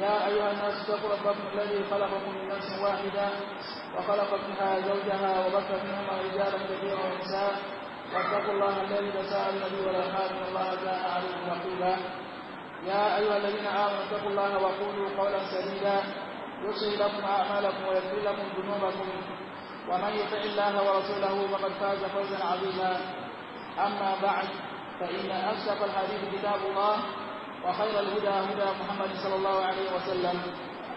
يا أيها الناس اتقوا ربكم الذي خلقكم من نفس واحدة وخلق منها زوجها وبث منهما رجالا كثيرا ونساء واتقوا الله الذي تساءل به والأرحام إن الله كان عليكم رقيبا يا أيها الذين آمنوا اتقوا الله وقولوا قولا سديدا يصلح لكم أعمالكم ويغفر لكم ذنوبكم ومن يطع الله ورسوله فقد فاز فوزا عظيما أما بعد فإن أصدق الحديث كتاب الله وخير الهدى هدى محمد صلى الله عليه وسلم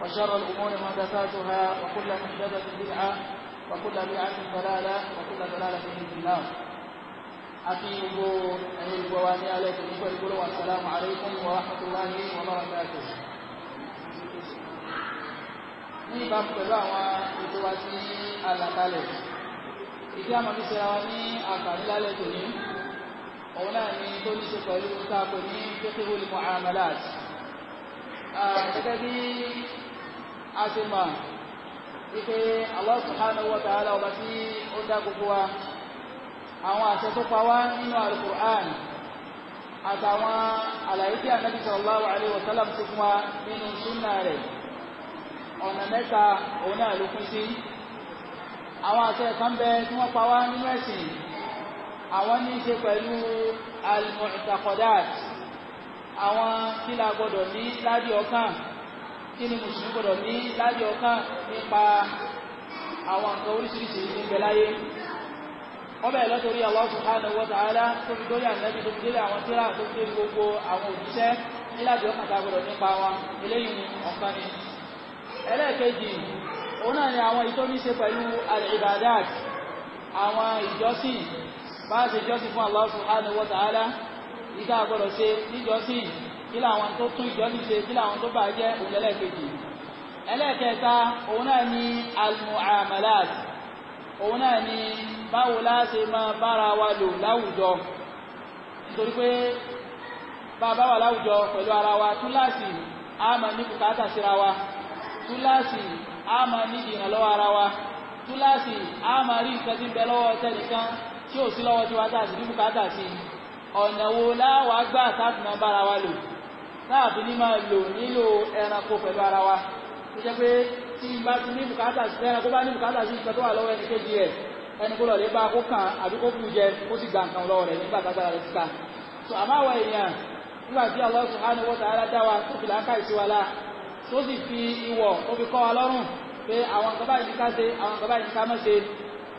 وشر الأمور محدثاتها وكل محدثة بدعة وكل بدعة ضلالة وكل ضلالة في النار أكيد الجواني عليكم يقول والسلام عليكم ورحمة الله وبركاته ní ìbámu pẹ̀lú àwọn ètò wa sí àlàkalẹ̀ ìdí àmọ́ fi ṣe ara ní lálẹ́ tòní òun náà ni tó ní ṣe pẹ̀lú sáàpẹ̀ ní kékeré olùmọ̀ amalat gẹ́gẹ́ bí a ṣe mọ̀ wípé Allah subhanahu wa ta'ala ọba tí ó dá gbogbo wa àwọn àṣẹ tó pa wá nínú alukur'an àtàwọn àlàyé tí Ànábì sallallahu alaihi wa sallam ti fún wa nínú súnà rẹ̀ ọ̀nà mẹ́ta òun náà ló kún sí àwọn àṣẹ kan bẹ tí wọ́n pa wá nínú ẹ̀sìn àwọn ní í ṣe pẹ̀lú al-mu'taqadat àwọn kí la gbọ́dọ̀ ní ládìí ọkàn kí ni mùsùlùmí gbọ́dọ̀ ní ládìí ọkàn nípa àwọn nǹkan oríṣiríṣi ní ìgbẹ́láyé wọ́n bẹ̀rẹ̀ lọ́tọ̀rí Allah subhanahu wa ta'ala tó fi dórí ànábì tó fi délé àwọn tíra tó fi délé gbogbo àwọn òjíṣẹ́ níláàbí ọkàn tá a gbọdọ̀ nípa wọn eléyìí ọ̀kan ni. ẹlẹ́ẹ̀kejì òun náà ni àwọn ìtọ́níṣe pẹ̀lú àwọn ìjọsìn bá a ṣe jọ́sìn fún Allah subhanahu wa ta'ala ìdá àgbọ̀dọ̀ ṣe níjọ́sìn kí làwọn tó tún ìjọ́sìn ṣe kí làwọn tó bàjẹ́ òun lẹ́lẹ́kejì ẹlẹ́ẹ̀kẹta òun náà ni al-mu'amalat òun náà ni báwo láti máa bára wa lò láwùjọ nítorí pé bá a bá wà láwùjọ pẹ̀lú ara wa túláàsì a ní bùkátà síra wa túláàsì a ní ìrànlọ́wọ́ ara wa túláàsì a rí nǹkan lọ́wọ́ tẹnìkan tí ò sí lọ́wọ́ tí wàá dàsí bíbù ká dàsí ọ̀nà wo láwàá gbà táàbù máa bára wa lò táàbù ní máa lò nílò ẹranko pẹ̀lú ara wa tó jẹ́ pé tí bá ti ní bùkátà sí ẹranko bá ní bùkátà sí ìfẹ́ tó wà lọ́wọ́ ẹni kéjì rẹ̀ ẹni kó lọ́ọ̀lẹ́ bá kó kàn àbí kó kú jẹ kó sì gba nǹkan lọ́wọ́ rẹ̀ nígbà tágbára rẹ̀ síta tó àmọ́ àwọn èèyàn nígbà tí Allah subhanahu wa ta'ala dá wa tó fi láǹkà ìsí wa la tó sì fi ìwọ̀ ó fi kọ́ wa lọ́rùn pé àwọn nǹkan báyìí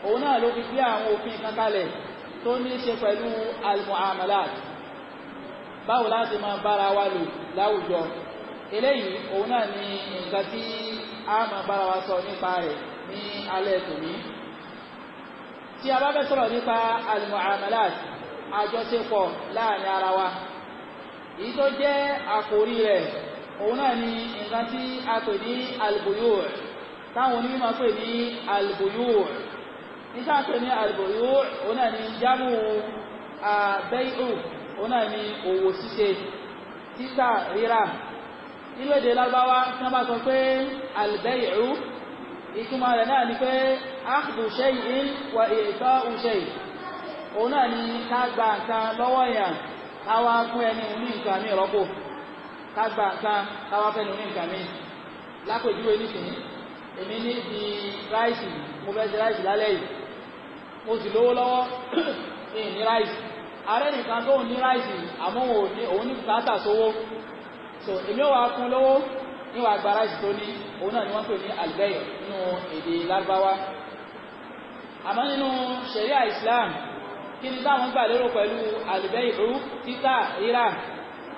òun náà ló fi gbé àwọn òfin kan kalẹ̀ tó ní í ṣe pẹ̀lú al-mu'amalat báwo láti máa bára wa lò láwùjọ eléyìí òun náà ni nǹkan tí a máa bára wa sọ nípa rẹ̀ ní alẹ́ tòní tí a bá fẹ́ sọ̀rọ̀ nípa al-mu'amalat àjọṣepọ̀ láàrin ara wa èyí tó jẹ́ àkòrí rẹ̀ òun náà ni nǹkan tí a pè ní al táwọn onímọ̀ pè ní al níṣàpè ní àlùbọ̀yó òun náà ni jámù àbẹ́yò òun náà ni òwò ṣíṣe títà rírà nínú èdè lágbáwá tí wọ́n bá sọ pé àlùbẹ́yò ìtumọ̀ rẹ̀ náà ni pé áàkùdù ṣẹ́yìn wà èèkọ́ ṣẹ́yìn òun náà ni ká gba nǹkan lọ́wọ́ èèyàn káwá fún ẹni ní nǹkan mi rọ́pò ká gba nǹkan káwá ní nǹkan mi lápèjúwe nísìnyí èmi ní ti ráìsì mo fẹ́ ti ráìsì lálẹ́ yìí mo sì lówó lọ́wọ́ ní ní ráìsì ààrẹ nìkan tó ń ní ráìsì àmọ́ òun ní bùkátà sówó so èmi ò wá fún lówó níwà gba ráìsì tó ní òun náà ni wọ́n pè ní àlùbẹ́yẹ̀ nínú èdè lárúbáwá àmọ́ nínú ṣẹ̀ríà Islam kí ni táwọn gbà lérò pẹ̀lú àlùbẹ́yẹ̀ rú títà rírà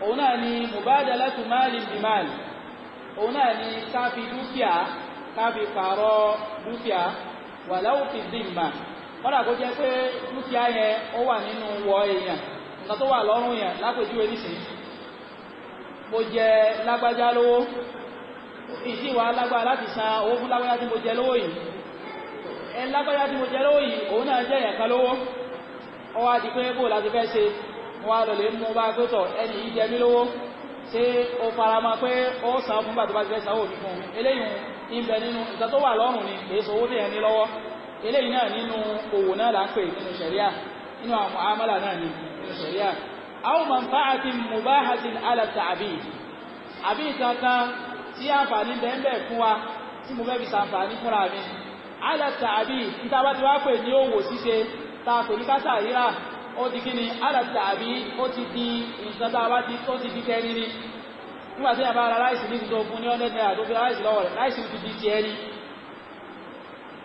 òun náà ni mubadalatu máàlì bìmáàlì òun náà ni ká dúkìá ká pààrọ̀ dúkìá wàláwù dìmbà kọ́dà kó jẹ́ pé dúkìá yẹn ó wà nínú wọ èèyàn nǹkan tó wà lọ́rùn yẹn lápèjúwe nísìnyí mo jẹ lágbájá lówó ìsì wà lágbára láti san owó fún lágbájá tí mo jẹ lówó yìí ẹ lágbájá tí mo jẹ lówó yìí òun náà jẹ èèyàn kan lówó ó wá di pé bó láti fẹ́ ṣe wọ́n á lọ lè mú bá pé tọ̀ ẹni yìí jẹ mí lówó ṣé o fara mọ́ pé ó san fún bàtà bá ti fẹ́ sanwó mi fún un eléyìí ń bẹ nínú nǹkan tó wà lọ́rùn ni kì í sanwó tẹ̀yẹ eléyìí náà nínú òwò náà là ń pè nínú ṣẹ̀ríà nínú àwọn muamala náà ní nínú ṣẹ̀ríà aw manfa'atin mubahatin ala ta'bid àbí ìtàkàn tí àǹfààní bẹ́ẹ̀ fún wa tí mo fẹ́ fi ṣàǹfààní fúnra mi ala ta'bid níta bá ti wá pè ní òwò ṣíṣe ta kò ní kásà ríra ó ti kí ni ala ta'bid ó ti di nǹkan tá a bá ti tó ti di tẹ́ni ni nígbà tí yàrá láìsí ní ti tó fún ní ọ́ndẹ́dẹ́ àdókè láìsí lọ́wọ́ láìsí ti di tiẹ́ ni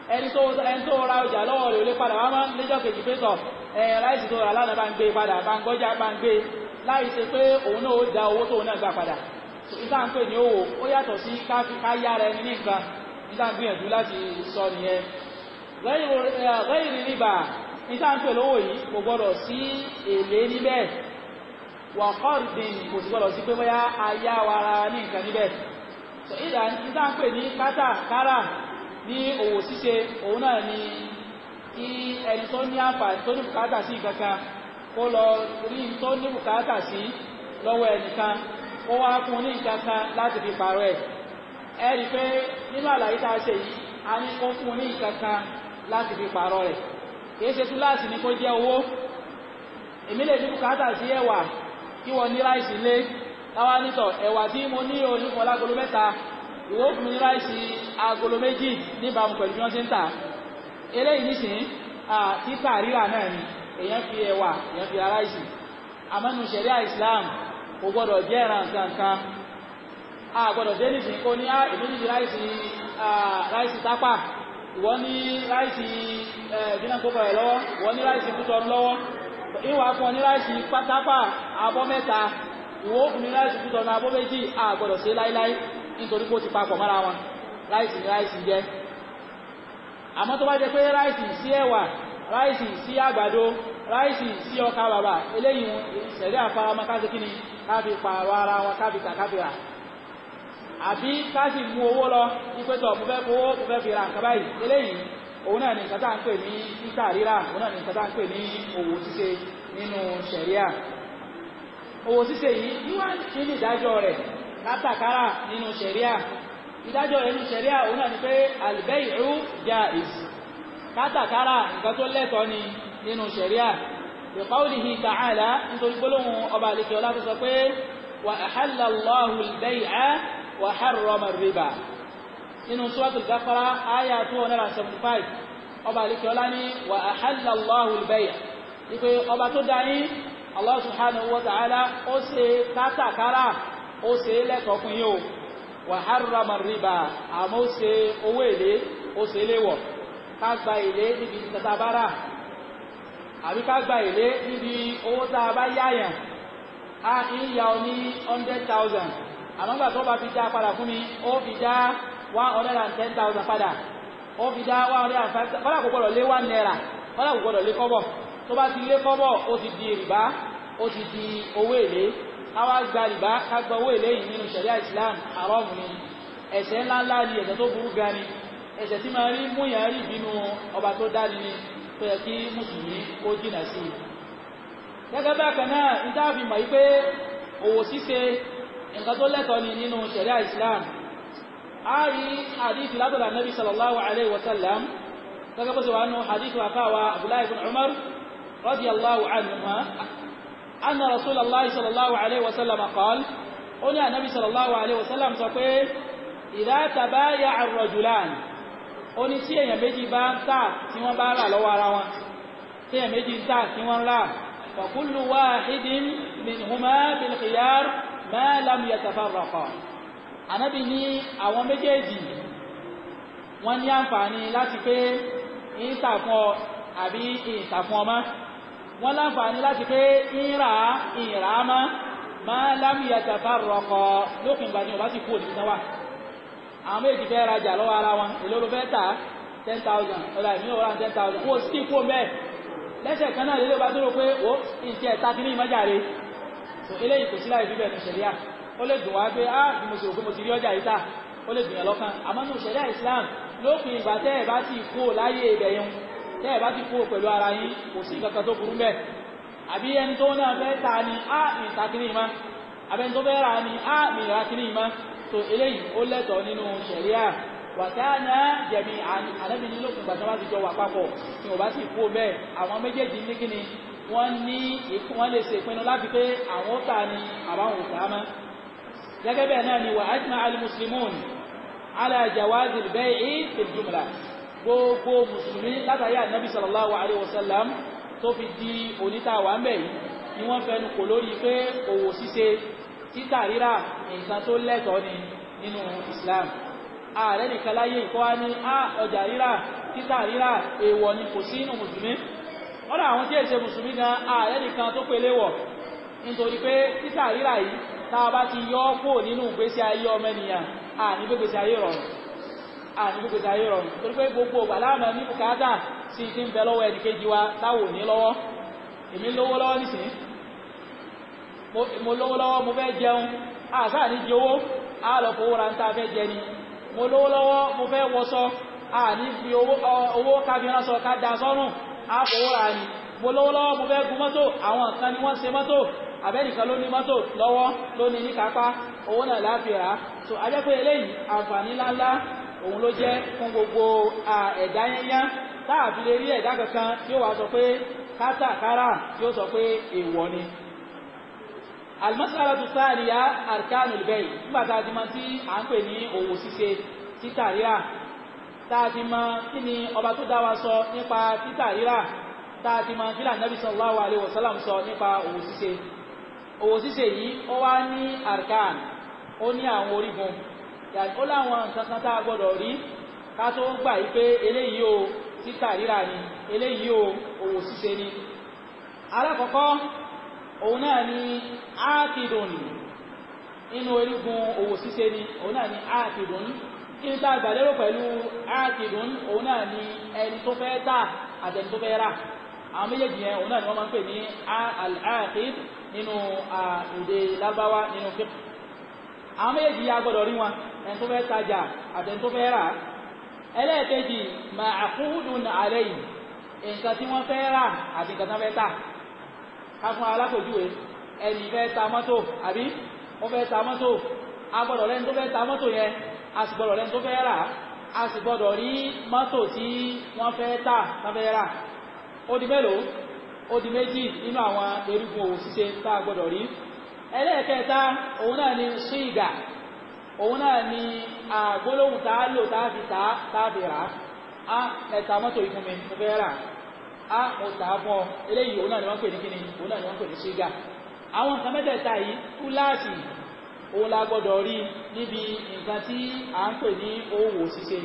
ẹni tó ẹni tó ra ọjà lọ́wọ́ rẹ̀ ò lè padà wá mọ́ lẹ́jọ́ kejì pé sọ ẹ láìsí tó ra lánàá bá ń gbé padà bá ń gbọ́jà bá ń gbé láì ṣe pé òun náà ó da owó tóun náà gbà padà nígbà ń pè ní owó ó yàtọ̀ sí ká yára ẹni ní nǹkan nígbà gbìyànjú láti sọ nìyẹn lẹ́yìn ní rìbá nígbà ń pè lówó yìí kò gbọ́dọ̀ sí èlé níbẹ̀ wà kọ́ọ̀dìn kò sì gbọ́dọ̀ sí pé bóyá ayá wa ara ní nǹkan níbẹ̀ ìdá ń pè ní kátà kárà ní òwò ṣíṣe òun náà ni kí ẹni tó ní àǹfààní tó ní bùkátà sí kankan kó lọ rí tó ní bùkátà sí lọ́wọ́ ẹnìkan kó wá fún ní kankan láti fi pààrọ̀ ẹ̀ ẹ rí i pé nínú àlàyé tá a ṣe yìí a ní kó fún ní kankan láti fi pààrọ̀ rẹ̀ kìí ṣe túláàsì ni kó jẹ́ owó èmi lè ní bùkátà sí ẹ̀wà kí wọ́n ní láìsí lé táwa nítọ̀ ẹ̀wà tí mo ní onífọ̀lágolo mẹ́ta ìwọ fún mi ráìsì agolo méjì níbàámu pẹ̀lú bí wọ́n ti ń tà eléyìí nísìnyí títà rírà náà ni èèyàn fi ẹ̀wà èèyàn fi ráìsì àmọ́nu sẹ̀ríà Islam kò gbọ́dọ̀ jẹ́ ẹ̀ràn kankan a gbọ́dọ̀ jẹ́ nísìnyí kó ní èmi níbi ráìsì ráìsì tápà ìwọ ní ráìsì ẹ̀ẹ́dínà kókò rẹ̀ lọ́wọ́ ìwọ ní ráìsì kútọ́ lọ́wọ́ ìwà fún ọ ní ráìsì pátápà abọ́ mẹ́ta ìwọ òkùnrin ráìsì kútọ́ abọ́ méjì a ṣe láíláí nítorí kó ti papọ̀ mọ́ra wọn ráìsì ní ráìsì jẹ́ àmọ́ tó bá jẹ́ pé ráìsì sí ẹ̀wà ráìsì sí àgbàdo ráìsì sí ọkà bàbà eléyìí sẹ̀rí àfaramọ́ káṣí kíni káfí pààrọ̀ ara wọn káfí kàkáfíra àbí káṣí mú owó lọ ìpẹ́tọ̀ mo fẹ́ fowó mo fẹ́ fi ra nǹkan báyìí eléyìí òun náà ni nǹkan tá à ń pè ní títà rírà òun náà ni nǹkan tá à ń pè ní òwò ṣíṣe nínú sẹ̀ríà òwò ṣíṣe yìí níwájú ní ìdájọ́ rẹ̀ kátàkárà nínú ṣẹ̀ríà ìdájọ́ rẹ̀ nínú ṣẹ̀ríà òun náà ni pé al-bay'u jaiz kátàkárà nǹkan tó lẹ́tọ̀ọ́ ni nínú ṣẹ̀ríà bi qawlihi ta'ala nítorí gbólóhùn ọba àlejò ọlá tó sọ pé wa ahalla Allahu ó ṣe é fún yín o wa harrama riba àmọ́ ó ṣe owó èlé ó ṣe é léwọ̀ ká gba èlé níbi tata àbí ká gba èlé níbi owó tá a bá yáyàn a ń yá ọ ní hundred thousand àmọ́ gbà tó bá fi dá padà fún mi ó fi dá one hundred and ten thousand padà ó fi dá one hundred and five thousand kọ́lá kò gbọ́dọ̀ lé one naira kọ́lá kò gbọ́dọ̀ lé kọ́bọ̀ tó bá ti lé kọ́bọ̀ ó ti di rìbá ó ti di owó èlé káwá gba rìbá ká gba owó èlé yìí nínú ṣẹ̀ríà islam àrọ́ọ̀mù ni ẹ̀ṣẹ̀ ńláńlá ni ẹ̀ṣẹ̀ tó burú gan ni ẹ̀ṣẹ̀ tí máa rí múyàn rí ìbínú ọba tó dáni ni tó yẹ kí mùsùlùmí ó jìnà sí i. gẹ́gẹ́ bẹ́ẹ̀ kan náà ń dáàbì mọ̀ wípé òwò ṣíṣe nǹkan tó lẹ́tọ̀ọ́ ni nínú ṣẹ̀ríà islam a rí àdìsí látọ̀dà nabi sallallahu alayhi wa sallam gẹ́gẹ́ bó ṣe wà nù àdìsí wà fáwa abdullahi ibn umar radiyallahu anhu أن رسول الله صلى الله عليه وسلم قال: ànábì النبي صلى الله عليه وسلم idha إذا تبايع الرجلان، ó ní tí èèyàn méjì bá ń tà tí wọ́n bá rà lọ́wọ́ ara wọn tí èèyàn méjì ń tà tí wọ́n ń rà fa kullu wahidin minhuma bil khiyar ma lam yatafarraqa ànábì ní àwọn méjèèjì wọ́n ní àǹfààní láti pé ìtàkùn àbí ìtàkùn ọmọ wọ́n láǹfààní láti pé ìrà ìrà má máa lámìyàtà bá rọkọ lópin ìgbà ni ò bá sì kú òdìbí náà wà àwọn méjì fẹ́ rajà lọ́wọ́ ara wọn èlò ló fẹ́ tà ten thousand ọ̀la ìmí ọ̀la ten thousand kó o sì kú mẹ́ẹ̀ lẹ́sẹ̀ kan náà lélẹ́ bá dúró pé ó ìṣe ẹ̀ta kí ní ìmọ̀jà rẹ̀ so eléyìí kò sí láì bíbẹ̀ ní ṣẹ̀ríà ó lè dùn wá pé á bí mo sì rò pé mo ti rí ọjà yìí tà ó lè dùn lọ́kàn àmọ́ ní ṣẹ̀ríà Islam lópin ìgbà tẹ́ ẹ̀ bá sì kú láyé ibẹ̀ yẹn tẹ́ ẹ̀ bá ti kúrò pẹ̀lú ara yín kò sí kankan tó burú bẹ́ẹ̀ àbí ẹni tó náà fẹ́ ta ni á mi ta kiri ìmá abẹni tó fẹ́ ra ni á mi ra kiri ìmá tó eléyìí ó lẹ́tọ̀ọ́ nínú ṣẹ̀ríà wàtáàná jẹ̀mí ànábì gbàtọ́ bá ti jọ wà gbogbo mùsùlùmí látàrí ànábì sallallahu alaihi wasallam tó fi di onítàwà ń bẹ̀ yìí ni wọ́n fẹnu kò lórí pé òwò ṣíṣe títà rírà nǹkan tó lẹ́tọ̀ọ́ ni nínú Islam ààrẹ nìkan láyé ìkọ́ wá ní á ọjà rírà títà rírà èèwọ̀ ni kò sí inú mùsùlùmí wọ́n dà àwọn tí èsè mùsùlùmí gan ààrẹ nìkan tó pele wọ̀ nítorí pé títà rírà yìí tá a bá ti yọ ọ́ kúrò nínú ìgbésí ayé ọmọ ènìyàn à ní ayé rọrùn àdúgbòkèta yìí rọrùn torí pé gbogbo ògbà láàmà ní bùkátà sí ti ń bẹ lọ́wọ́ ẹnì kejì wa táwò ní lọ́wọ́ èmi lówó lọ́wọ́ nísìnyí mo lówó lọ́wọ́ mo fẹ́ jẹun àṣà ní jẹ owó á lọ ra ń tá fẹ́ jẹ ni mo lówó lọ́wọ́ mo fẹ́ wọṣọ à ní fi owó kábíyàn sọ ká da sọ́rùn á ra ni mo lówó lọ́wọ́ mo fẹ́ gun mọ́tò àwọn kan ni wọ́n ṣe mọ́tò àbẹ́nìkan ló ní mọ́tò lọ́wọ́ ló ní ní kápá owó náà láàfin rà so ajẹ́ pé eléyìí àǹfààní ńláńlá òun ló jẹ́ fún gbogbo ẹ̀dá yányá táàbí lè rí ẹ̀dá kankan tí ó wà sọ pé kátàkárà tí ó sọ pé èèwọ̀ ni almasalatu sáàríyá arkanul bay nígbà tá a ti mọ tí à ń pè ní òwò ṣíṣe títà rírà tá a ti mọ kí ni ọba tó dá wa sọ nípa títà rírà tá kí lànàbí sallallahu alaihi wasallam sọ nípa òwò ṣíṣe òwò ṣíṣe yìí ó wá ní arkan ó ní àwọn orígun ó láwọn nǹkan kan tá a gbọ́dọ̀ rí ká tó gbà yí pé eléyìí o títà rírà ni eléyìí o òwò ṣíṣe ni alákọ̀ọ́kọ́ òun náà ni ákìdùn nínú orígun òwò ṣíṣe ni òun náà ni ákìdùn kí n tá a gbàlérò pẹ̀lú ákìdùn òun náà ni ẹni tó fẹ́ tà àtẹni tó fẹ́ rà àwọn méjèèjì yẹn òun náà ni wọ́n máa ń pè ní al nínú èdè lágbáwá nínú fiqh àwọn méjèèjì yẹn a rí wọn ẹni tó fẹ́ tajà àti ẹni tó fẹ́ rà ẹlẹ́ẹ̀kejì ma'qudun alayhi nǹkan tí wọ́n fẹ́ rà àti nǹkan tí wọ́n fẹ́ tà ká fún alákòjúwe ẹni fẹ́ ta mọ́tò àbí wọ́n fẹ́ ta mọ́tò agbọ́dọ̀ lẹ́ni tó fẹ́ ta mọ́tò yẹn a sì gbọ́dọ̀ lẹ́ni tó fẹ́ rà a sì gbọ́dọ̀ rí mọ́tò tí wọ́n fẹ́ tà tán fẹ́ rà ó di mélòó ó di méjì nínú àwọn erigun òwò ṣíṣe tá a gbọ́dọ̀ rí ẹlẹ́ẹ̀kẹta òun náà ni ṣíìgà òun náà ni àgbólóhùn tá a lò tá a fi tà á tá a fi rà á ẹ̀ta mọ́tò yìí mi mo fẹ́ rà á mo tà á fún ọ eléyìí òun náà ni wọ́n pè ní kíni òun náà ni wọ́n pè ní ṣígà àwọn nǹkan mẹ́tẹ̀ẹ̀ta yìí kúláàsì òun la gbọ́dọ̀ rí níbi nǹkan tí à ń pè ní owó ṣíṣe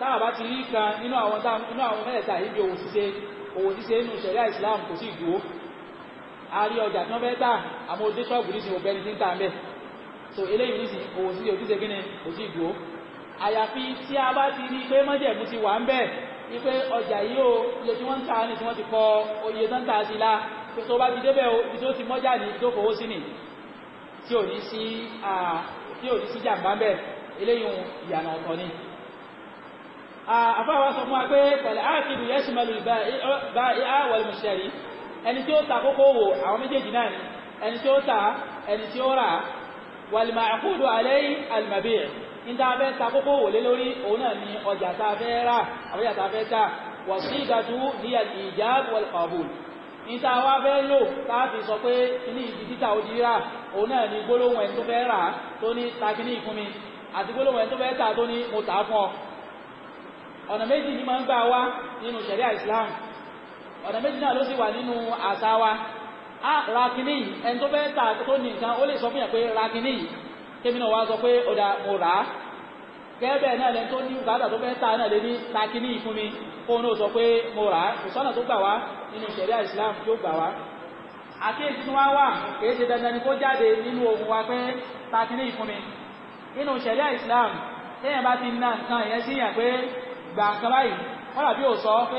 táà bá ti rí kan nínú àwọn mẹ́tẹ̀ẹ̀ta yìí bí owó ṣíṣe owó ṣíṣe nínú ṣẹ̀ríà Islam kò sí ìdúró a rí ọjà tí wọ́n fẹ́ tà àmọ́ odé ṣọ́ọ̀bù ní sin òbẹ́ni tí ń tà ń bẹ́ẹ̀ so eléyìí nísìn òwò sí òtítẹ kí ni kò sí ìdúró àyàfi tí a bá ti rí i pé mọ́jẹ̀mú ti wà ń bẹ̀ ni pé ọjà yìí o iye tí wọ́n ń ta ni tí wọ́n ti kọ oye tó ń ta sí la pé tó bá ti débẹ̀ o ibi tó ti mọ́jà ní tó fowó sí ni tí ò ní sí tí ò ní sí jàǹbá ń bẹ̀ eléyìí ìyànà ọ̀tọ̀ ni àfáwà sọ fún wa pé pẹ̀lú áàkìlù yẹ́sùmẹ́lù bá àwọ̀lù mùsẹ̀rí ẹni tí ó ta kókó wò àwọn méjèèjì náà ni ẹni tí ó ta ẹni tí ó rà wàlìmọ̀ àkúdù àlẹ́yìn àlìmọ̀bíyẹ̀ níta fẹ́ ta kókó wòlé lórí òun náà ni ọjà tá a fẹ́ rà àwọn ọjà tá a fẹ́ tà wàsíìdàtú ní al-ijab wal-qabul níta wá fẹ́ lò láti sọ pé ní ìdí títà ó di rà òun náà ni gbólóhùn ẹni tó fẹ́ tó ní takiní ìfún mi àti gbólóhùn ẹni tó fẹ́ tó ní mo tà fún ọ ọ̀nà méjì ni máa ń gbà wá nínú ṣẹ̀ríà Islam ọ̀nà méjì náà ló sì wà nínú àṣà wa a ah, ra ẹni tó fẹ́ tó ní nǹkan ó lè sọ fún yàn pé ra kémi náà wá sọ pé ọ̀dà mo rà á gẹ́gẹ́ náà lẹ́ni tó ní bùkátà tó fẹ́ tà náà lé ní ta fún mi náà sọ pé mo rà á tó gbà wá nínú ìṣẹ̀ríà Islam tó gbà wá àkíyèsí tí wọ́n wà kìí ṣe dandan ni kó ohun wa pé ta fún mi nínú Islam téèyàn bá ti pé báyìí wọ́n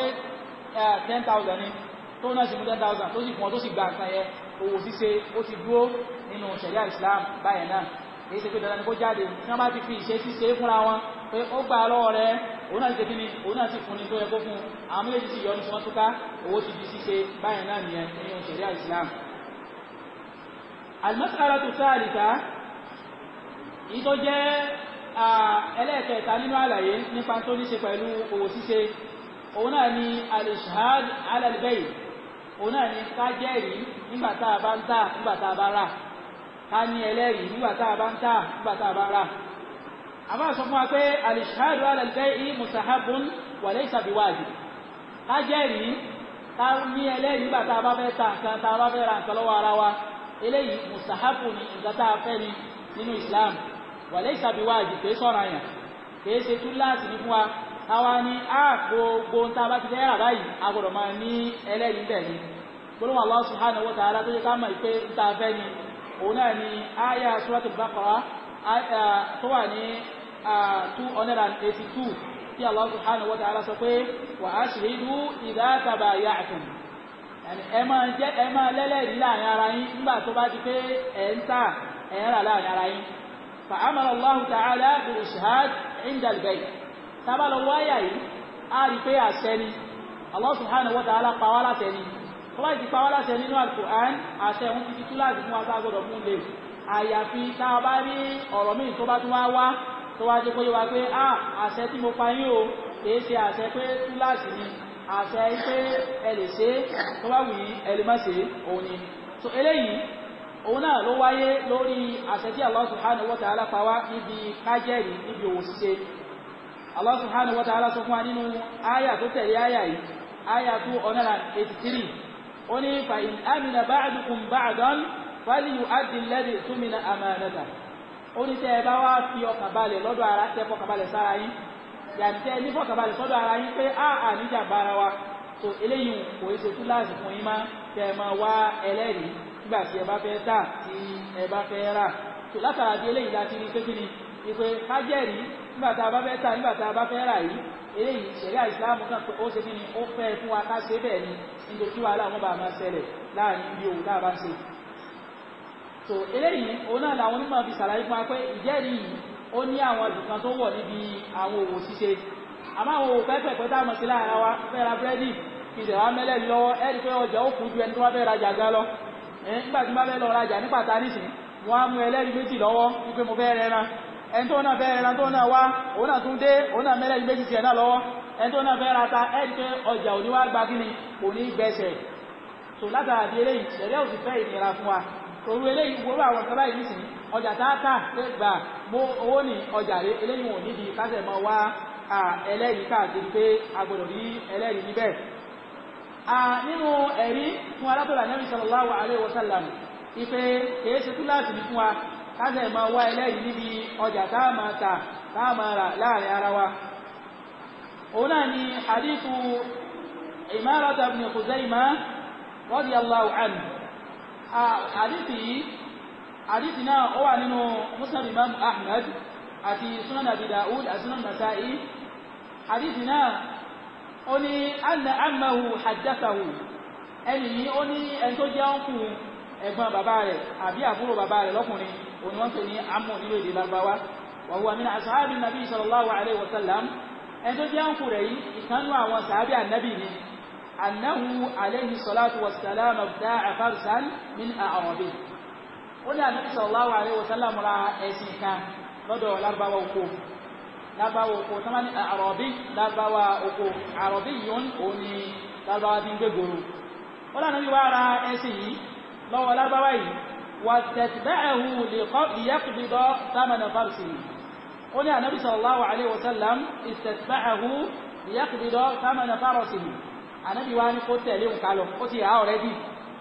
tó náà sì mú ten thousand tó sì fún ọ tó sì gba nǹkan yẹn owó ṣíṣe ó ti dúró nínú ṣẹ̀ríà Islam báyẹn náà èyí ṣe pé dandan ni kó jáde tí wọ́n bá ti fi ìṣe ṣíṣe fúnra wọn pé ó gbà lọ́wọ́ rẹ òun náà ti tẹ́kí ni òun náà ti fún ni tó yẹ kó fún àwọn méjèèjì sì yọ ní tí wọ́n túká owó ti di ṣíṣe báyìí náà nìyẹn nínú ṣẹ̀ríà Islam. al-mas'alatu thalitha yìí tó jẹ́ ẹlẹ́ẹ̀kẹta nínú àlàyé nípa tó ní ṣe pẹ̀lú owó ṣíṣe òun náà ni al-ishhad òun náà ni ká jẹ́rìí nígbà tá a bá ń tà nígbà tá a bá rà ká ní ẹlẹ́rìí nígbà tá a bá ń tà nígbà tá a bá rà. àmọ́ sọ fún wa pé alishadu alalbẹ́ẹ́ musahabun wa laysa biwajib ká jẹ́rìí ká ní ẹlẹ́rìí nígbà tá a bá fẹ́ ta nǹkan tá a bá fẹ́ ra nǹkan lọ́wọ́ ara wa eléyìí musahabun ni nǹkan tá a fẹ́ ni nínú Islam wa laysa biwajib sọ̀rọ̀ àyàn kì ṣe túláàsì ní fún wa àwa ni a gbogbo ń ta bá ti fẹ́ rà báyìí a gbọ́dọ̀ máa ní ẹlẹ́rìí bẹ̀ ni gbólóhùn Allah subhanahu wa ta'ala tó yẹ ká mọ̀ pé ń ta fẹ́ ni òun náà ni aya suratul Baqara tó wà ní two hundred and eighty two tí Allah subhanahu wa ta'ala sọ pé wa ashhidu idha tabaya'tum ẹ máa jẹ́ ẹ máa lẹ́lẹ́rìí láàrin ara yín nígbà tó bá ti pé ẹ̀ ń tà ẹ̀ ń rà láàrin ara yín fa amara Allah ta'ala bil ishhad tábà lọ wáyà yìí a rí pé àṣẹ ni Allah subhanahu wa ta'ala pa wá láṣẹ ni kọ́lá ìdí pa wá nínú Al-Qur'an àṣẹ òun ti fi tú láti fún wa tá a gbọ́dọ̀ fún lè àyàfi tá a bá rí ọ̀rọ̀ míì tó bá tún wá wá tó wá jẹ́ kóyé wa pé a àṣẹ tí mo pa yín o kìí ṣe àṣẹ pé túláàsì ni àṣẹ pé ẹ lè ṣe tó bá wù yín ẹ lè má ṣe òun ni so eléyìí òun náà ló wáyé lórí àṣẹ tí Allah subhanahu wa ta'ala pa wá níbi kájẹ́rì níbi òwò ṣíṣe Allah subhanahu wa ta'ala sọ fún wa nínú àyà tó tẹ̀lé àyà yìí àyà tó ọ̀nà 83 ó ní fa in amina ba'dukum ba'dan falyu'addi alladhi tumina amanata ó ní tẹ́ ẹ bá wá fi ọkàn balẹ̀ lọ́dọ̀ ara tẹ́ fọkàn balẹ̀ sára yín yàtẹ́ ní fọkàn sọ́dọ̀ ara yín pé a àníjà bára wa tó eléyìí kò é ṣe túláàsì fún yín máa tẹ́ ẹ máa wá ẹlẹ́rìí nígbà tí ẹ bá fẹ́ tà tí ẹ bá fẹ́ rà tó látara di eléyìí láti rí pé kí ni ìpè kájẹ́rì nígbà tá a bá fẹ́ tà nígbà tá a bá fẹ́ rà yìí eléyìí ṣẹ̀ríà ìsìláàmù náà pé ó ṣe kí ni ó fẹ́ fún wa ká ṣe bẹ́ẹ̀ ni nítorí wàhálà wọn bá máa ṣẹlẹ̀ láàrin bí òun dáa bá ṣe. tó eléyìí òun náà làwọn onímọ̀ fi ṣàlàyé fún wa pé ìjẹ́rìí yìí ó ní àwọn ìdùkan tó wọ̀ níbi àwọn òwò ṣíṣe àmọ́ wá ẹni tó náà bẹ́ẹ̀ ẹran tó náà wá òun náà tún dé òun náà mẹ́lẹ́ méjì tiẹ̀ náà lọ́wọ́ ẹni tó náà bẹ́ẹ̀ ra ta ẹni pé ọjà òní wá gba kíni kò ní gbẹ̀sẹ̀ tó látara di eléyìí ṣẹ̀lẹ́ òsì fẹ́ ìnira fún wa torí eléyìí wúrú àwọn kan báyìí nísìnyí ọjà tá a tà lè gbà mọ owó ní ọjà rẹ eléyìí wọn níbi kásẹ̀ mọ wá ẹlẹ́rìí káàkiri pé a gbọ́dọ̀ rí ẹlẹ́rìí níbẹ̀ nínú ẹ̀rí fún alátọ̀lá nẹ́bí sallallahu alaihi wasallam ife kèé ṣe túláàsì fún wa kásẹ̀ máa wá eléyìí níbi ọjà tá a máa tà tá a máa rà láàrin ara wa òun náà ni hadithu Imarata ibn Khuzaima radiyallahu anhu hadithi yìí hadithi náà ó wà nínú Musnad Imam Ahmad àti Sunan Abi Dawud àti Sunan Nasa'i hadithi náà ó ní anna amahu haddathahu ẹni yìí ó ní ẹni tó jẹ́ ọkùnrin ẹ̀gbọ́n bàbá rẹ̀ àbí àbúrò bàbá rẹ̀ lọ́kùnrin òun wọ́n pè ní amú nínú èdè Lárúbáwá wa huwa min ashabi nàbí sallallahu alayhi wa sallam ẹni tó jẹ́ àǹkù rẹ̀ yìí ìkánú àwọn sàábì ànábì ni annahu alayhi salatu wa salam abda afarsan min a'rabi ó ní ànábì sallallahu alayhi wa sallam ra ẹ̀sìn kan lọ́dọ̀ Lárúbáwá oko Lárúbáwá oko tó ní àrọ̀bí Lárúbáwá oko àrọ̀bí yìí ó ní Lárúbáwá bí ń gbégbòrò ó lànà bí wàá ra ẹ̀sìn yìí lọ́wọ́ lábáwá yìí wà tẹ̀tẹ̀bẹ́ẹ̀hù lìyàkùbìdọ́ sámánà fársìlì ó ní ànábì sallallahu alayhi wa sallam ìtẹ̀tẹ̀bẹ́ẹ̀hù lìyàkùbìdọ́ sámánà fársìlì ànábì wa ní kó tẹ̀lé òun kálọ ó ti há ọ̀rẹ́dì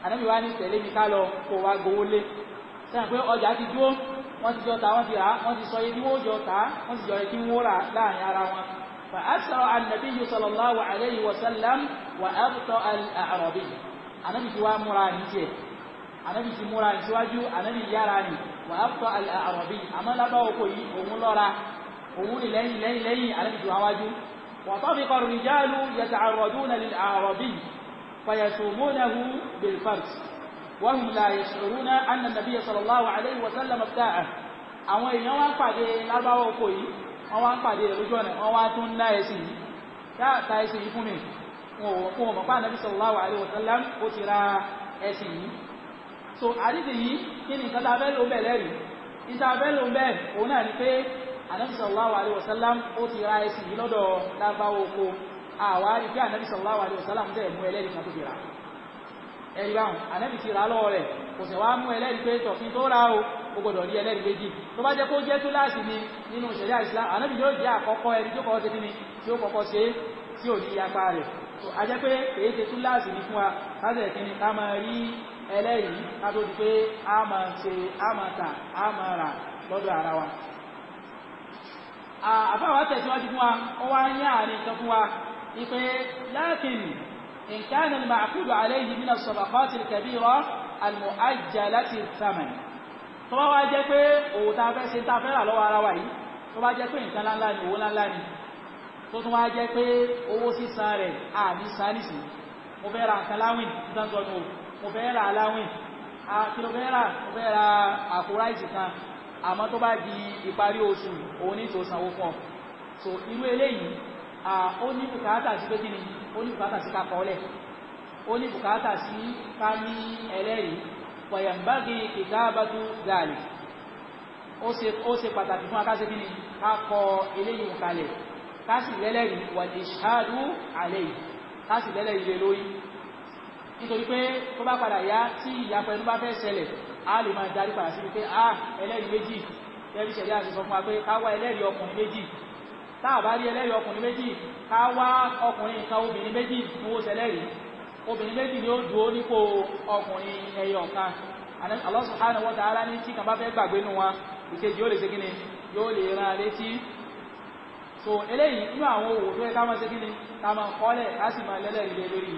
ànábì wa ní tẹ̀lé mi kálọ kó wa gbowó lé sẹ́yìn pé ọjà ti dúró wọ́n ti jọ ta wọ́n ti rà wọ́n ti sọ ibi wọ́n jọ ta wọ́n ti jọ ẹkí wọ́n rà láàrin ara wọn. فأسرع النبي صلى الله عليه وسلم وأبطأ الأعرابي أنا بجوا مرانيتي anabi ti múra ní síwájú anabi yára ni wà á tọ́ àrọ̀bí àmọ́ lábá oko yìí òun lọ́ra òun ni lẹ́yìn lẹ́yìn lẹ́yìn anabi tó wájú wà tó fi kọrù rìjálù yẹta àrọ̀dún na lil àrọ̀bí fayasumunahu bil fard wa hum la yashuruna anna nabiyya sallallahu alayhi wa sallam ibta'a àwọn èèyàn wá pàdé lábáwọ̀ oko yìí wọ́n wá pàdé lójú ọ̀nà wọ́n wá tún ná ẹ̀sìn ta ẹ̀sìn yìí fún mi wọn ò mọ̀ pé anabi sallallahu alayhi wa sallam ó ti ra ẹ̀sìn yìí so àdìsí yìí kí ni nǹkan tá a fẹ́ lò bẹ́ẹ̀ lẹ́rìí níta a fẹ́ lò bẹ́ẹ̀ òun náà ni pé anabi sallallahu alayhi wa sallam ó ti ra ẹsìn yìí lọ́dọ̀ lágbáwo oko àwa rí pé anabi sallallahu alayhi wa sallam dẹ̀ mú ẹlẹ́rìí kan tó fi rà ẹ̀rí báwọn anabi ti rà lọ́wọ́ rẹ̀ kò sì wá mú ẹlẹ́rìí pé tọ̀fin tó ra o ó gbọ́dọ̀ rí ẹlẹ́rìí méjì tó bá jẹ́ kó jẹ́ tó láàsì ni nínú ìṣẹ̀lẹ̀ Islam anabi yóò jẹ́ àkọ́kọ́ ẹni ẹlẹ́rìí ká tó di pé a máa ṣe a máa tà a máa rà lọ́dọ̀ ara wa àbáwá tẹ̀síwájú fún wa ó wá ń yá àárín kan fún wa ni pé lakin in kana al-ma'qud alayhi min as-sadaqat al-kabira al-mu'ajjalati ath-thaman tó bá wá jẹ́ pé òwò tá a fẹ́ ṣe tá a fẹ́ rà lọ́wọ́ ara wa yìí tó bá jẹ́ pé nǹkan ńláńlá ni owó ńláńlá ni tó tún wá jẹ́ pé owó sísan rẹ̀ àmì sanisi mo fẹ́ ra nǹkan láwìn nítorí ọdún òkú mo fẹ́ ra aláwìn kí ló fẹ́ rà mo fẹ́ ra àpò ráìsì kan àmọ́ tó bá di ìparí oṣù òun ní tó sanwó fún ọ so irú eléyìí ó ní bùkátà sí pé kí ni ó ní bùkátà sí kakọ ọlẹ̀ ó ní bùkátà sí ká ní ẹlẹ́rìí pọ̀yàmbági ìdáàbàtú gààlì ó ṣe ó ṣe pàtàkì fún akáṣe kí ni ká kọ eléyìí kalẹ̀ ká sì lẹ́lẹ́rìí wà ní ṣáàdú àlẹ́ ká sì lẹ́lẹ́rìí lé lórí nítorí pé tó bá padà yá tí ìyapa ẹnu bá fẹ́ ṣẹlẹ̀ a lè máa darí padà síbi pé a ah, ẹlẹ́rìí méjì ẹbí ṣẹ̀dá àti sọ fún wa pé ká wá ẹlẹ́rìí ọkùnrin méjì tá a bá rí ẹlẹ́rìí ọkùnrin méjì ká wá ọkùnrin kan obìnrin méjì fún owó ṣẹlẹ́rìí obìnrin méjì ni ó dúró nípò ọkùnrin ẹyọ kan Allah subhanahu wa ta'ala ní tí kan bá fẹ́ gbàgbé nu wọn ìkejì yóò lè ṣe kí ni yóò lè ran létí so eléyìí nínú àwọn òwò tó yẹ ká máa ṣe kí ni ká máa kọ́lẹ̀ á máa lẹ́lẹ́rìí lé lórí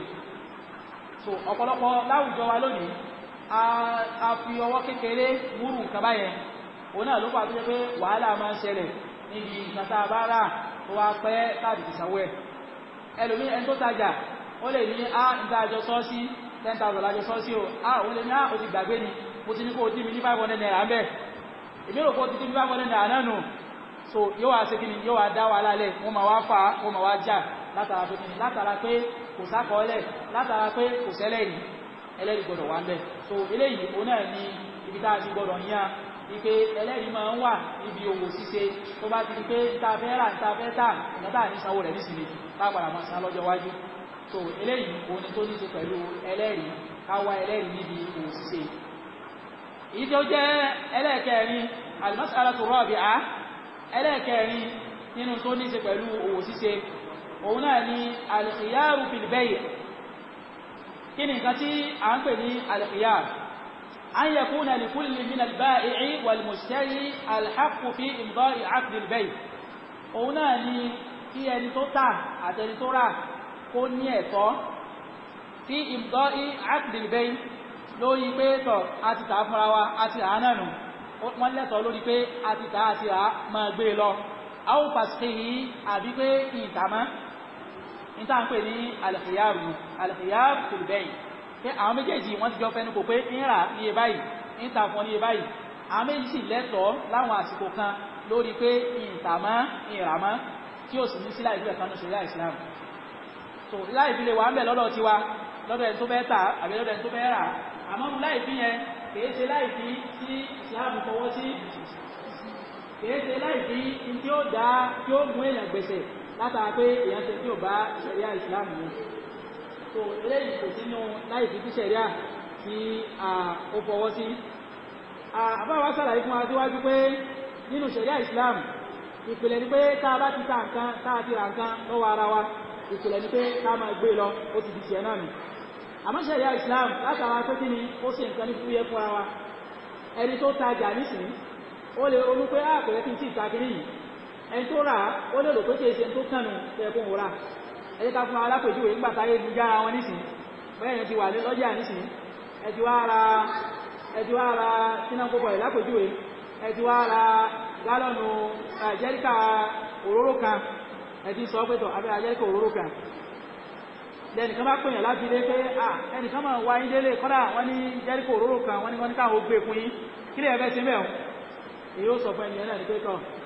so ọ̀pọ̀lọpọ̀ láwùjọ wa lónìí a fi ọwọ́ kékeré múrù nǹkan báyẹn òun náà ló fà tó jẹ́ pé wàhálà máa ń ṣẹlẹ̀ níbi nǹkan tá a bá rà tó wá pẹ́ káàdì ìsanwó ẹ̀ ẹlòmí ẹni tó tajà ó lè ní á ń dá àjọ sọ́ọ́sì ten àjọ sọ́ọ́sì o a òun lè ní á o ti gbàgbé ni mo ti ní kó o dí mi ní five hundred naira bẹ́ẹ̀ èmi rò kó o ti dí mi five naira náà nù so yóò wá ṣe kí ni yóò wá dá wàhálà lẹ̀ wọ́n máa wá fà á wọ́n máa wá jà látara pé kíni látara pé kò sákọọ́lẹ̀ látara pé kò sẹ́lẹ̀rì ẹlẹ́rìí gbọ́dọ̀ wà ńbẹ̀ so eléyìí òun náà ni ibi tá a ti gbọ́dọ̀ yan ipe ẹlẹ́rìí máa ń wà níbi òwò ṣíṣe tó bá ti di pé ta fẹ́ rà ta fẹ́ tà ìgbàtà ní sanwó rẹ̀ nísìnyí tá a padà máa san lọ́jọ́ iwájú so eléyìí òun ni tó ní ṣe pẹ̀lú ẹlẹ́rìí ká wá ẹlẹ́rìí níbi òwò ṣíṣe èyí tó jẹ́ ẹlẹ́ẹ̀kẹrin al-mas'alatu rabi'a ẹlẹ́ẹ̀kẹrin nínú tó ní ṣe pẹ̀lú òwò ṣíṣe òun náà ni alìkìyàrù fìlìbẹ́yì kí ni nǹkan tí a ń pè ní alìkìyàrù an yakuna li kulli min al-ba'i wal mushtari al-haqqu fi imda'i 'aqd al-bay' òun náà ni kí ẹni tó tà àtẹni tó rà kó ní ẹ̀tọ́ fi imda'i 'aqd al-bay' lórí pé tọ̀ a ti tà fúnra wa a ti wọ́n lẹ́tọ̀ọ́ lórí pé a tà a ti máa gbé e lọ a ó fàṣíkì yìí àbí pé ìtàmá ní tá à ń pè ní alìkìyàrù alìkìyàrù kò bẹ́yìn pé àwọn méjèèjì wọ́n ti jọ fẹ́nu kò pé ń rà ní iye báyìí ń ta fún ní iye báyìí àwọn méjì sì lẹ́tọ̀ọ́ láwọn àsìkò kan lórí pé ìtàmọ́ ìràmọ́ tí ó sì ní sí láìpẹ́ kan lóṣèlú islam so láìpẹ́ lè wà ń bẹ̀ lọ́dọ̀ tiwa lọ́dọ̀ ẹni tó fẹ́ tà àbí lọ́dọ̀ ẹni tó fẹ́ rà àmọ́ láìpẹ́ yẹn kìí ṣe láìpẹ́ tí islam fọwọ́ sí kìí ṣe láìpẹ́ tí ó dá tí ó mú èèyàn gbèsè látara pé èèyàn ṣe tí ò bá islam mu so eléyìí kò sínú láì fi tí ṣẹ̀ríà tí ó fọwọ́ sí àbáwá sàlàyé fún wa síwájú pé nínú ṣẹ̀ríà islam ìpìlẹ̀ ni pé tá a bá ti ta nǹkan tá a ti ra nǹkan lọ́wọ́ ara wa ìpìlẹ̀ ni pé ká máa gbé e lọ ó ti di tiẹ̀ náà nù àmọ́ ṣẹ̀ríà islam látara pé kí ni ó ṣe nǹkan ní fúyẹ́ fúnra wa ẹni tó tajà nísìnyí ó lè ronú pé àpẹẹrẹ ah, kí n tí ta kiri yìí ẹni tó rà ó lè lò tó kànù tó yẹ kó ká fún alápèjúwe wọn yẹn ti wà lọ́jà nísìnyí ẹ ti wá ra ẹ ti wá ra sínákókò ẹ̀ lápèjúwe ẹ ti òróró kan sọ pé òróró kan bá láti ilé pé à ẹnìkan máa wá ilé lè kọ́dà ní òróró kan ní ní káwọn ó gbé fún yín kí lè sí mẹ́ọ̀ èyí ó sọ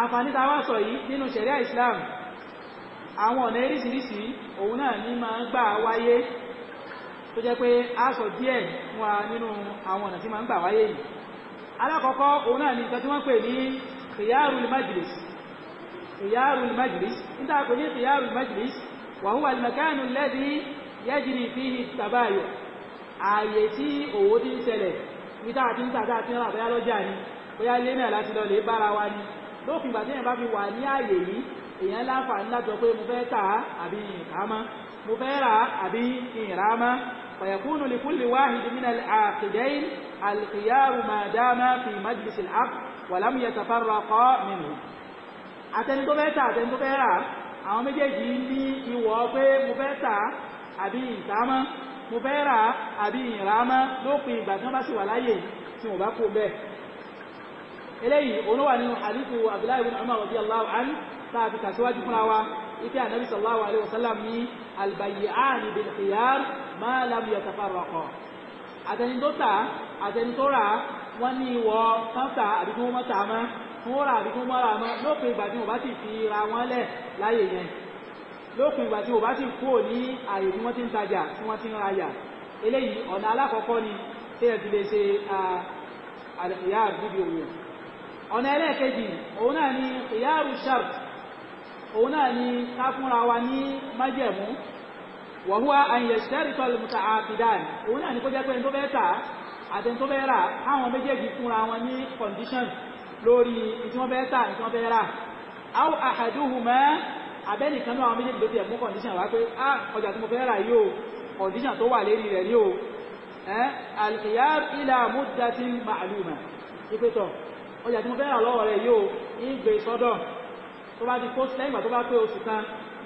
àǹfààní tá a wá sọ yìí nínú ṣẹ̀ríà Islam àwọn ọ̀nà eríṣiríṣi òun náà ní máa ń gbà wáyé tó jẹ́ pé a sọ díẹ̀ fún wa nínú àwọn ọ̀nà tí máa ń gbà wáyé yìí alákọ̀ọ́kọ́ òun náà ní nǹkan tí wọ́n pè ní khiyarul majlis khiyarul majlis níta bóyá lé náà láti lọ lè bára wa ni lófin ìgbà tí èèyàn bá fi wà ní ààyè yìí èèyàn láǹfààní láti sọ pé mo fẹ́ tà á àbí ìrà mọ́ mo fẹ́ rà á àbí ìrà mọ́ fayakunu likulli wahidi min al-aqidain al-khiyaru ma dama fi majlis al-aqd wa lam àtẹni tó fẹ́ tà àtẹni tó fẹ́ rà àwọn méjèèjì ní ìwọ pé mo fẹ́ tà àbí ìtà mo fẹ́ rà àbí ìrà mọ́ lópin ìgbà tí wọ́n bá sì wà láyè tí wọ́n bá kú bẹ́ẹ̀ eléyìí òun wà nínú hadithu abdullahi ibn umar radiyallahu anhu tá a fi kàṣíwájú fúnra wa ife anabi sallallahu alayhi wa sallam ní albayyani bil khiyar ma lam yatafarraqa àtẹni tó tà àtẹni tó rà wọ́n ní ìwọ káńtà àbí kí wọ́n mọ́ tà mọ́ wọ́n rà àbí kí wọ́n mọ́ rà mọ́ lópin ìgbà tí wọ́n bá ti fi ra wọ́n lẹ̀ láyè yẹn lópin ìgbà tí wọ́n bá ti kúrò ní àyè tí wọ́n ti ń tajà tí wọ́n ti ń rajà eléyìí ọ̀nà alákọ̀ọ́kọ́ ni tí ti lè ṣe àlùfíà níbi òwò ọ̀nà ẹlẹ́ẹ̀kejì òun náà ni ìyáàrù shart òun náà ni káfúnra wa ní májẹ̀mú wọ̀húwa àyẹ̀ṣẹ́rì pẹ̀lú mùtà àfìdán òun náà ni kó jẹ́ pé ẹni tó fẹ́ tà àti ẹni tó fẹ́ rà káwọn méjèèjì fúnra wọn ní condition lórí ìtí wọ́n fẹ́ tà ìtí wọ́n fẹ́ rà ọjà tí mo fẹ́ rà lọ́wọ́ rẹ̀ yóò ń gbé e sọ́dọ̀ tó bá di post lẹ́yìn ìgbà tó bá pé oṣù kan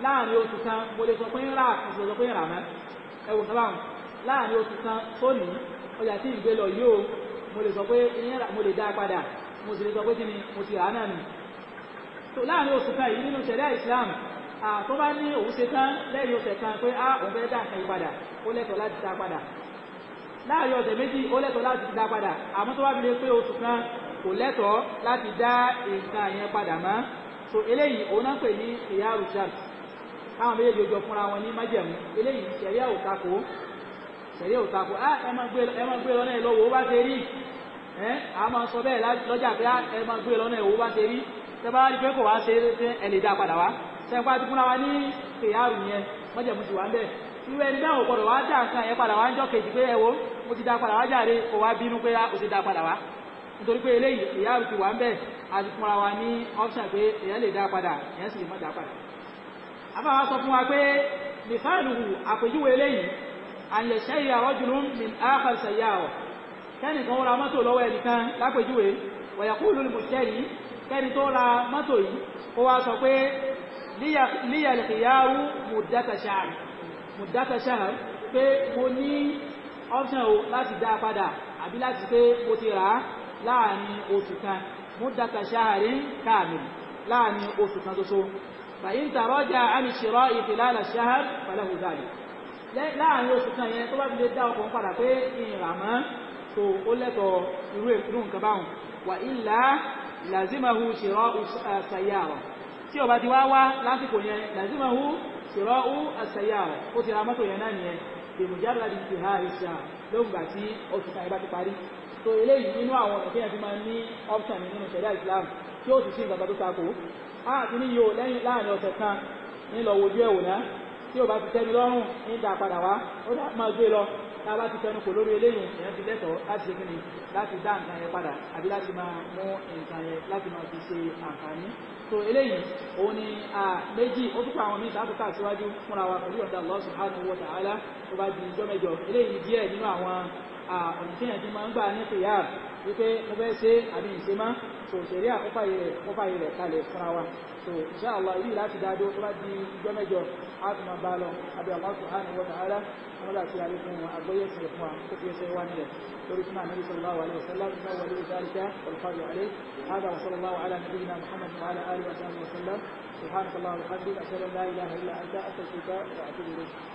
láàrin oṣù kan mo lè sọ pé ń rà mo sì lè sọ pé ń rà mọ́ ẹwù sábà wọn láàrin oṣù kan sóní ọjà tí ìgbé lọ yóò mo lè sọ pé mo lè dá padà mo sì lè sọ pé kí ni mo ti rà náà nù tó láàrin oṣù kan yìí nínú ṣẹ̀ríà Islam tó bá ní òun ṣe tán lẹ́yìn ọ̀sẹ̀ kan pé á òun fẹ́ dá nǹkan yìí padà ó lẹ́tọ̀ọ́ láti dá padà láàrin ọ̀sẹ̀ méjì ó lẹ́tọ̀ọ́ láti dá padà àmọ́ tó bá fi lè pé oṣù kan kò lẹ́tọ̀ọ́ láti dá nǹkan yẹn padà mọ́ so eléyìí òun náà pè ní ìyá richard káwọn méjèèjì ojú fúnra wọn ní májẹ̀mú eléyìí ṣẹ̀ríà ò takò ṣẹ̀ríà ò takò á ah, ẹ máa gbé lọ́nà ẹ̀ lọ́wọ́ bá ṣe a máa sọ bẹ́ẹ̀ lọ́jà pé ah, ẹ máa gbé lọ́nà ẹ̀ lọ́wọ́ bá ṣe rí tẹ́bá rí pé kò wá ṣe ẹ lè dá padà wá fúnra wa ní ìyá rù yẹn májẹ̀mú ti irú ẹni wá nǹkan yẹn nítorí pé eléyìí ìyá ti wà ń bẹ̀ àti fúnra wa ní option pé èyàn lè dá padà èyàn sì lè má dá padà afáwa sọ fún wa pé mìfáàlùhù àpèjúwe eléyìí àyẹ̀ṣẹ́ ìyá rajulun min akhar sayya'a kẹ́nìkan ó ra mọ́tò lọ́wọ́ ẹnìkan lápèjúwe wa yaqulu al-mushtari kẹ́ni tó ra mọ́tò yìí ó wá sọ pé líyàlìkìyàwó mùdátà ṣáà pé mo ní option o láti dá padà àbí láti pé mo ti rà á láàrin oṣù kan múdàtà ṣáàrin káàmìlì láàrin oṣù kan ṣoṣo fàyín tàrọ́jà àmìṣirọ́ ìfìlàlà ṣáàr pẹ̀lú ìdálẹ̀ láàrin oṣù kan yẹn tó bá fi lè dá ọkọ̀ padà pé ìràmọ́ so ó lẹ́tọ̀ọ́ irú ìpínlẹ̀ nǹkan báwọn wà ilà làzímahu ṣirọ́ ṣayáàrọ̀ tí ó bá ti wá wá lásìkò yẹn làzímahu ṣirọ́ ṣayáàrọ̀ ó ti ra mọ́tò yẹn náà nìyẹn bèmùjáde láti fi ha ìṣà lóògbà tí oṣù kan yẹn bá ti parí so eléyìí nínú àwọn ọ̀nà tí ẹ fi máa ní option nínú ṣẹ̀dá Islam tí ó sì sí nǹkan tó takò á ti ní yóò lẹ́yìn láàrin ọ̀sẹ̀ kan nílọ wojú ẹ̀wò náà tí ò bá ti tẹ́ni lọ́rùn ní ìdá padà wá ó dá máa gbé lọ tá a bá ti tẹnu kò lórí eléyìí èèyàn ti lẹ́tọ̀ọ́ láti ṣe kíni láti dá nǹkan yẹn padà àbí láti máa mú nǹkan yẹn láti máa fi ṣe àǹfààní so eléyìí òun ni méjì ó tún pa àwọn míì sáàtúkà síwájú fúnra wa pẹ̀lú ọ̀dà Allah subhanahu wa ta'ala tó bá di ìjọ mẹ́jọ eléyìí díẹ̀ nínú àwọn ọ̀nà tí ìyànjú máa ń gbà ní pèyà wípé mo fẹ́ ṣe àbí ìṣe má so ṣeré àkófàyè rẹ̀ kófàyè rẹ̀ kalẹ̀ fúnra wa so insha Allah yìí láti dáadó tó bá di ijọ́ mẹ́jọ á tún máa bá lọ àbí Allah subhanahu wa ta'ala wọn bá ti rà lókun àgbọ́yé sí fún wa tó fi ẹsẹ̀ wá nílẹ̀ lórí fún àmì sallallahu alaihi wasallam ní wà lórí dáríkà olùfàbí àlẹ́ hada wa sallallahu ala nabiyyina muhammad wa ala alihi wa sallam subhanahu wa ta'ala alhamdulillah ashhadu an la ilaha illa anta astaghfiruka wa atubu ilayk